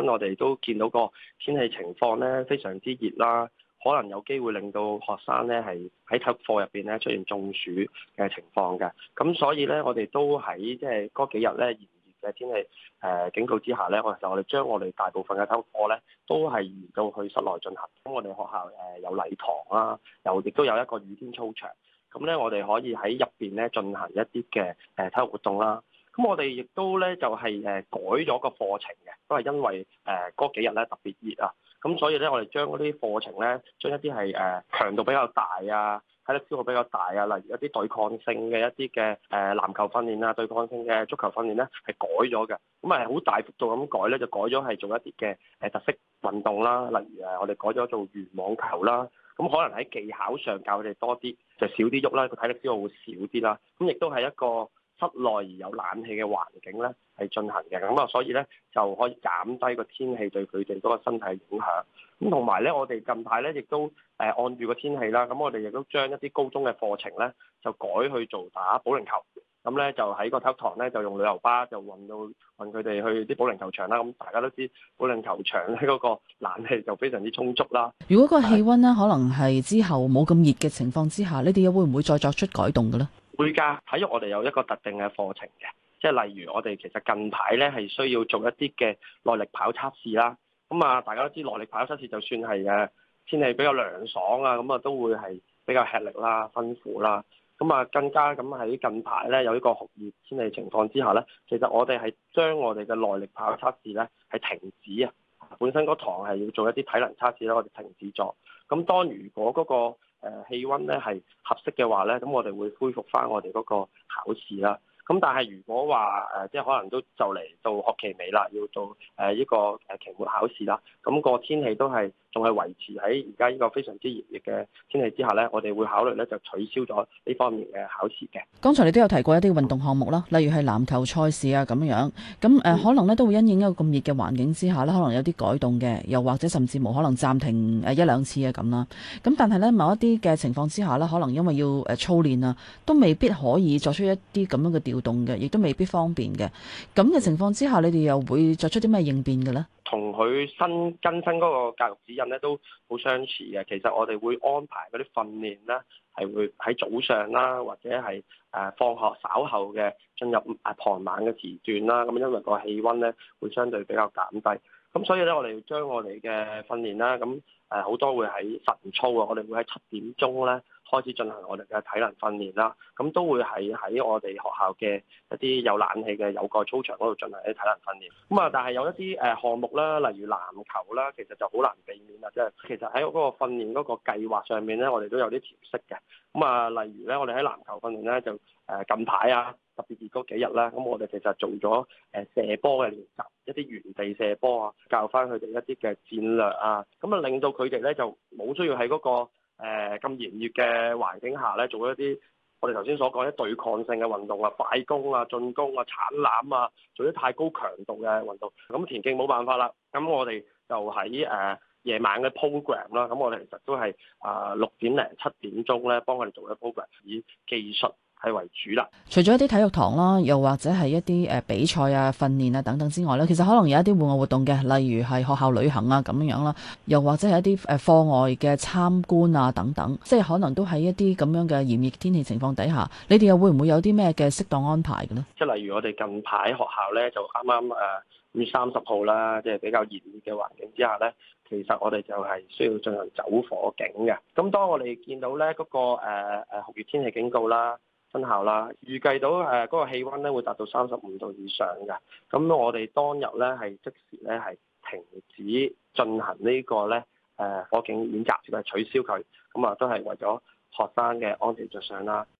我哋都見到個天氣情況咧，非常之熱啦，可能有機會令到學生咧係喺體育課入邊咧出現中暑嘅情況嘅。咁所以咧，我哋都喺即係嗰幾日咧炎熱嘅天氣誒警告之下咧，我其實我哋將我哋大部分嘅體育課咧都係移到去室內進行。咁我哋學校誒有禮堂啦，又亦都有一個雨天操場。咁咧，我哋可以喺入邊咧進行一啲嘅誒體育活動啦。咁我哋亦都咧就係誒改咗個課程嘅，都係因為誒嗰幾日咧特別熱啊，咁所以咧我哋將嗰啲課程咧，將一啲係誒強度比較大啊，體力消耗比較大啊，例如一啲對抗性嘅一啲嘅誒籃球訓練啊，對抗性嘅足球訓練咧，係改咗嘅，咁係好大幅度咁改咧，就改咗係做一啲嘅誒特色運動啦，例如誒我哋改咗做軟網球啦，咁可能喺技巧上教我哋多啲，就少啲喐啦，個體力消耗會少啲啦，咁亦都係一個，室內而有冷氣嘅環境咧，係進行嘅咁啊，所以咧就可以減低個天氣對佢哋嗰個身體影響。咁同埋咧，我哋近排咧亦都誒按住個天氣啦，咁我哋亦都將一啲高中嘅課程咧就改去做打保齡球。咁咧就喺個體育堂咧就用旅遊巴就運到運佢哋去啲保齡球場啦。咁大家都知保齡球場咧嗰個冷氣就非常之充足啦。如果個氣溫咧可能係之後冇咁熱嘅情況之下，呢啲又會唔會再作出改動嘅咧？附加體育，我哋有一個特定嘅課程嘅，即係例如我哋其實近排咧係需要做一啲嘅耐力跑測試啦。咁啊，大家都知耐力跑測試就算係誒天氣比較涼爽啊，咁啊都會係比較吃力啦、辛苦啦。咁啊，更加咁喺近排咧有呢個酷熱天氣情況之下咧，其實我哋係將我哋嘅耐力跑測試咧係停止啊。本身嗰堂係要做一啲體能測試啦，我哋停止咗。咁當如果嗰個誒氣温咧係合適嘅話咧，咁我哋會恢復翻我哋嗰個考試啦。咁但係如果話誒，即、呃、係可能都就嚟到學期尾啦，要做誒依個誒期末考試啦，咁、那個天氣都係，仲係維持喺而家呢個非常之熱烈嘅天氣之下呢，我哋會考慮呢就取消咗呢方面嘅考試嘅。剛才你都有提過一啲運動項目啦，例如係籃球賽事啊咁樣，咁誒、呃嗯、可能呢都會因應一個咁熱嘅環境之下呢，可能有啲改動嘅，又或者甚至冇可能暫停誒一兩次啊咁啦。咁但係呢某一啲嘅情況之下呢，可能因為要誒操練啊，都未必可以作出一啲咁樣嘅調動嘅，亦都未必方便嘅。咁嘅情況之下，你哋又會作出啲咩應變嘅呢？同佢新更新嗰個教育指引咧都好相似嘅，其實我哋會安排嗰啲訓練咧係會喺早上啦，或者係誒放學稍後嘅進入啊傍晚嘅時段啦，咁因為個氣溫咧會相對比較減低，咁所以咧我哋將我哋嘅訓練啦，咁誒好多會喺晨操啊，我哋會喺七點鐘咧。開始進行我哋嘅體能訓練啦，咁都會喺喺我哋學校嘅一啲有冷氣嘅有蓋操場嗰度進行啲體能訓練。咁啊，但係有一啲誒項目啦，例如籃球啦，其實就好難避免啦。即係其實喺嗰個訓練嗰個計劃上面咧，我哋都有啲調適嘅。咁啊，例如咧，我哋喺籃球訓練咧，就誒近排啊，特別熱嗰幾日啦，咁我哋其實做咗誒射波嘅練習，一啲原地射波啊，教翻佢哋一啲嘅戰略啊，咁啊令到佢哋咧就冇需要喺嗰個。誒咁炎熱嘅環境下咧，做一啲我哋頭先所講嘅對抗性嘅運動啊，快攻啊、進攻啊、搶籃啊，做啲太高強度嘅運動。咁田徑冇辦法啦，咁我哋就喺誒、呃、夜晚嘅 program 啦。咁我哋其實都係啊六點零七點鐘咧，幫佢哋做一 program 以技術。係為主啦，除咗一啲體育堂啦，又或者係一啲誒比賽啊、訓練啊等等之外咧，其實可能有一啲戶外活動嘅，例如係學校旅行啊咁樣樣啦，又或者係一啲誒課外嘅參觀啊等等，即係可能都喺一啲咁樣嘅炎熱天氣情況底下，你哋又會唔會有啲咩嘅適當安排嘅呢？即係例如我哋近排學校咧就啱啱誒五月三十號啦，即係比較炎熱嘅環境之下咧，其實我哋就係需要進行走火警嘅。咁當我哋見到咧嗰個誒誒酷熱天氣警告啦。生效啦，預計到誒嗰個氣温咧會達到三十五度以上嘅，咁我哋當日咧係即時咧係停止進行呢個咧誒火警演習，亦係取消佢，咁啊都係為咗學生嘅安全着想啦。